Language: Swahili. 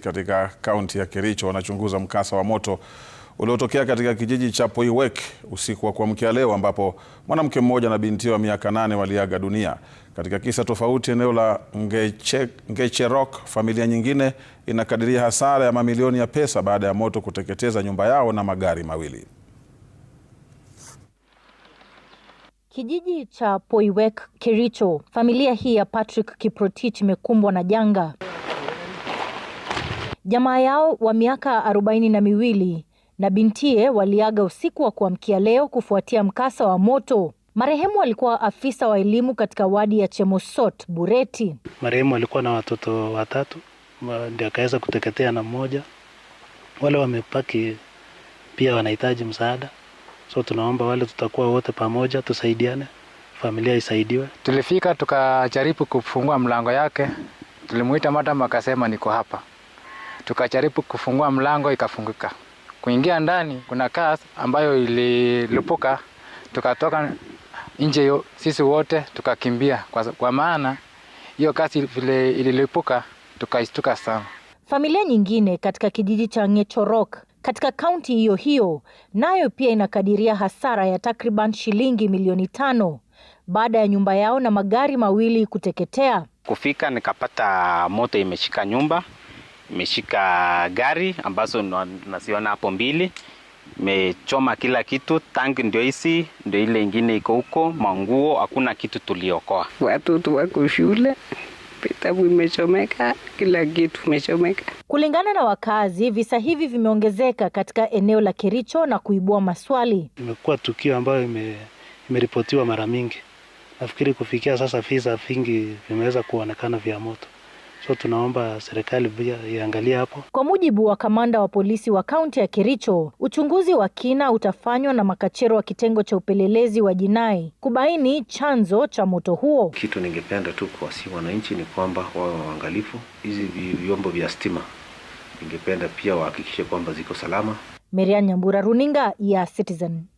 Katika kaunti ya Kericho wanachunguza mkasa wa moto uliotokea katika kijiji cha Poiwek usiku wa kuamkia leo ambapo mwanamke mmoja na binti wa miaka nane waliaga dunia. Katika kisa tofauti eneo la Ngeche, Ngecherok, familia nyingine inakadiria hasara ya mamilioni ya pesa baada ya moto kuteketeza nyumba yao na magari mawili. Kijiji cha Poiwek, Kericho, familia hii ya Patrick Kiprotich imekumbwa na janga Jamaa yao wa miaka arobaini na miwili na bintie waliaga usiku wa kuamkia leo kufuatia mkasa wa moto. Marehemu alikuwa afisa wa elimu katika wadi ya Chemosot Bureti. Marehemu alikuwa na watoto watatu, ndio akaweza kuteketea na mmoja. Wale wamepaki pia wanahitaji msaada, so tunaomba wale, tutakuwa wote pamoja, tusaidiane, familia isaidiwe. Tulifika tukajaribu kufungua mlango yake, tulimuita madam, akasema niko hapa tukajaribu kufungua mlango ikafunguka. Kuingia ndani kuna kasi ambayo ililipuka, tukatoka nje sisi wote tukakimbia, kwa, kwa maana hiyo kasi vile ililipuka tukaistuka sana. Familia nyingine katika kijiji cha Ngetorok katika kaunti hiyo hiyo nayo pia inakadiria hasara ya takriban shilingi milioni tano baada ya nyumba yao na magari mawili kuteketea. Kufika nikapata moto imeshika nyumba imeshika gari ambazo naziona hapo mbili, imechoma kila kitu. tangi ndio hizi, ndio ile ingine iko huko, manguo, hakuna kitu tuliokoa. Watoto wako shule, vitabu imechomeka, kila kitu imechomeka. Kulingana na wakazi, visa hivi vimeongezeka katika eneo la Kericho na kuibua maswali. Imekuwa tukio ambayo ime, imeripotiwa mara mingi. Nafikiri kufikia sasa visa vingi vimeweza kuonekana vya moto. So tunaomba serikali pia iangalie hapo. Kwa mujibu wa kamanda wa polisi wa kaunti ya Kericho, uchunguzi wa kina utafanywa na makachero wa kitengo cha upelelezi wa jinai kubaini chanzo cha moto huo. Kitu ningependa tu si wananchi ni kwamba wawe waangalifu, hizi vyombo vya stima ningependa pia wahakikishe kwamba ziko salama. Merian Nyambura, runinga ya Citizen.